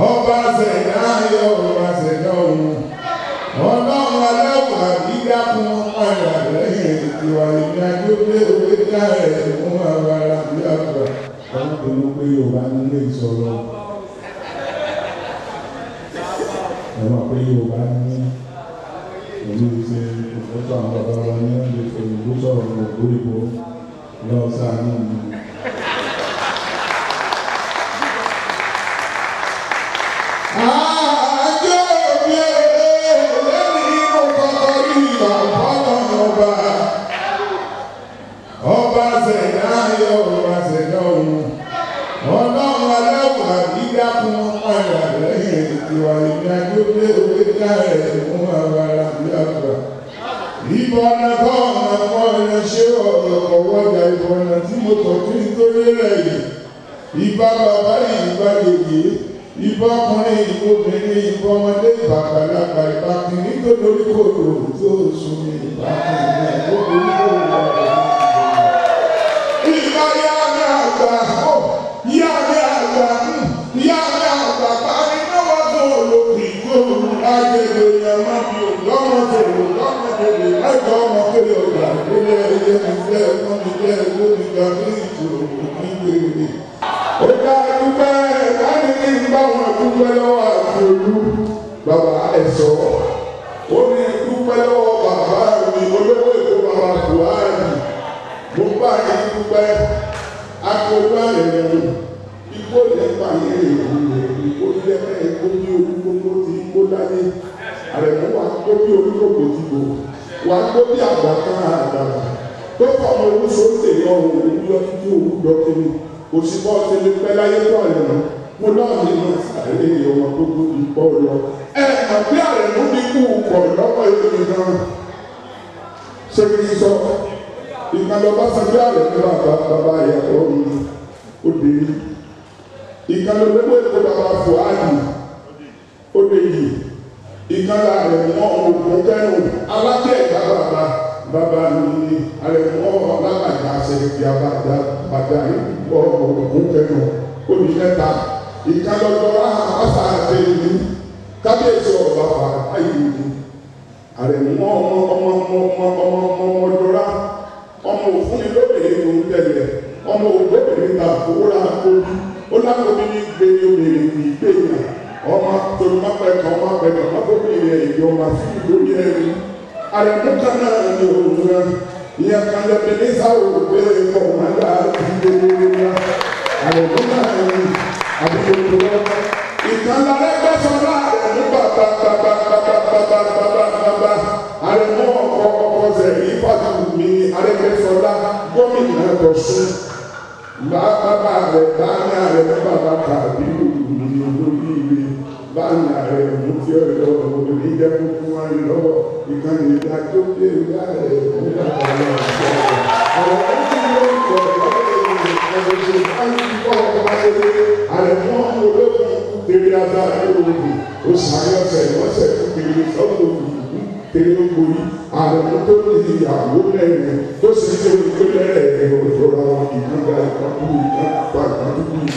ọba ṣẹ̀dá ayọ̀ ọba ṣẹ̀dá ọ̀run ọlọ́run aláwọ̀ àdídá fún ọ̀rọ̀ lẹ́yìn ìwà ìdájọ́ pé owó dá ẹ̀ fún àwọn ará bí àgbà wọn kò ní pé yorùbá nílé ìsọ̀rọ̀ ẹ máa pé yorùbá ní ìlú ti ìfọ́tọ̀ àwọn bàbá wa ní ọ̀dẹ̀ òyìnbó sọ̀rọ̀ ògbó ìbò lọ́sàn-án nìyí. ìyá fún ara lẹ́yìn ìwà ìrìnàjò lé òwe ká ẹ̀ fún ara àbí àgbà. Ìbọn nàkọ́ àwọn ẹran ṣé ọ̀pọ̀ wọ́jà ìbọn nà tí mo tọ̀ kí n tó lélẹ̀ yìí. Ìbá bàbá yìí bá yèyé. Ìbá ọkùnrin ìbò obìnrin ìbá ọmọdé ìbàgbàlagbà ìbákin nítorí kòkòrò tó sùn ní ìbákin. ọnọkere ụwa onye ihe ise ọnụke obiga n'iju igwere oge akụkọ adịghị mgbanwe wà á gbé bí àgbà kan àdàbà tó fà mọ owó sóńtè yọ òun yọ títí òwú dọ́kẹ́mi òṣìkọ́ tẹ́lẹ̀ pẹ́ láyé tó àyànà mo láàmì náà sàrẹ́lẹ̀ yẹ wọn tó tóbi pọ̀ lọ. ẹ àbí àrẹ̀mú ní kú pọ̀ lọ́pọ̀ èmi náà ṣé kí n sọ ìkànnì ọba sàbí àrẹ̀mú bàbá bàbá ìyàtọ̀ mi ó dé ìkànnì ọba ẹgbẹ́ ìkọ́ bàbá fò áyì. ìkálà rẹ̀ mọ́ òògùn kẹ́rù alájẹ́ bàbá bàbá mi àrẹ̀mọ́ ọ̀làkàjà àṣẹ̀kì àbàdà bàdà ìbọ̀ òògùn kẹ́rù olùfẹ́ta kábíyèsí fà àrẹ̀mọ́ ọmọ ọmọ ọmọ ọmọ ọmọ ọmọ ọmọ lóbìnrin ló ń tẹ̀lẹ̀ ọmọ ọma tolu n'afọ ẹka ọma abẹ ka n'afọ mi yẹ ẹyọ ọma fi ìlú mi yẹ ẹyọ alẹnuka náà ni òwúrọ̀ yẹ kalẹ mi ní sáwọ òwe ọma yà ti dé wúwa alẹnuka náà ni àbúrò tó wọ ìkànnà rẹ gbẹsọ náà ba ba ba bàbà bàbà bàbà bàbà alẹnu ọkọ ba zẹ ìfàtà mi alẹgbẹsọ náà gómìnà ẹkọsùn bàbà bàbà bàbà bàbà bàbà bàbà bàbà bàbà báńgà rẹ̀ mú tí ó lọ òbí jẹ́ kúkú wá ní lọ́wọ́ ìkànnì ìgbà tó dé ìgbà rẹ̀ mú bàbá rẹ̀ sọ. Àwọn ọ̀sẹ̀ ló ń sọ ọ̀rọ̀ ìṣe báńkì kọ́ ọ̀pọ̀ ayẹyẹ àrẹ̀mọ́ olóògùn tèrè agbára olóògùn ó sàárẹ̀ ọ̀sẹ̀ lọ́sẹ̀ tó tèrè sọ́kò olóògùn tèrè olóògùn àrẹ̀mọ́ tó ní ìyàwó lẹ́yìn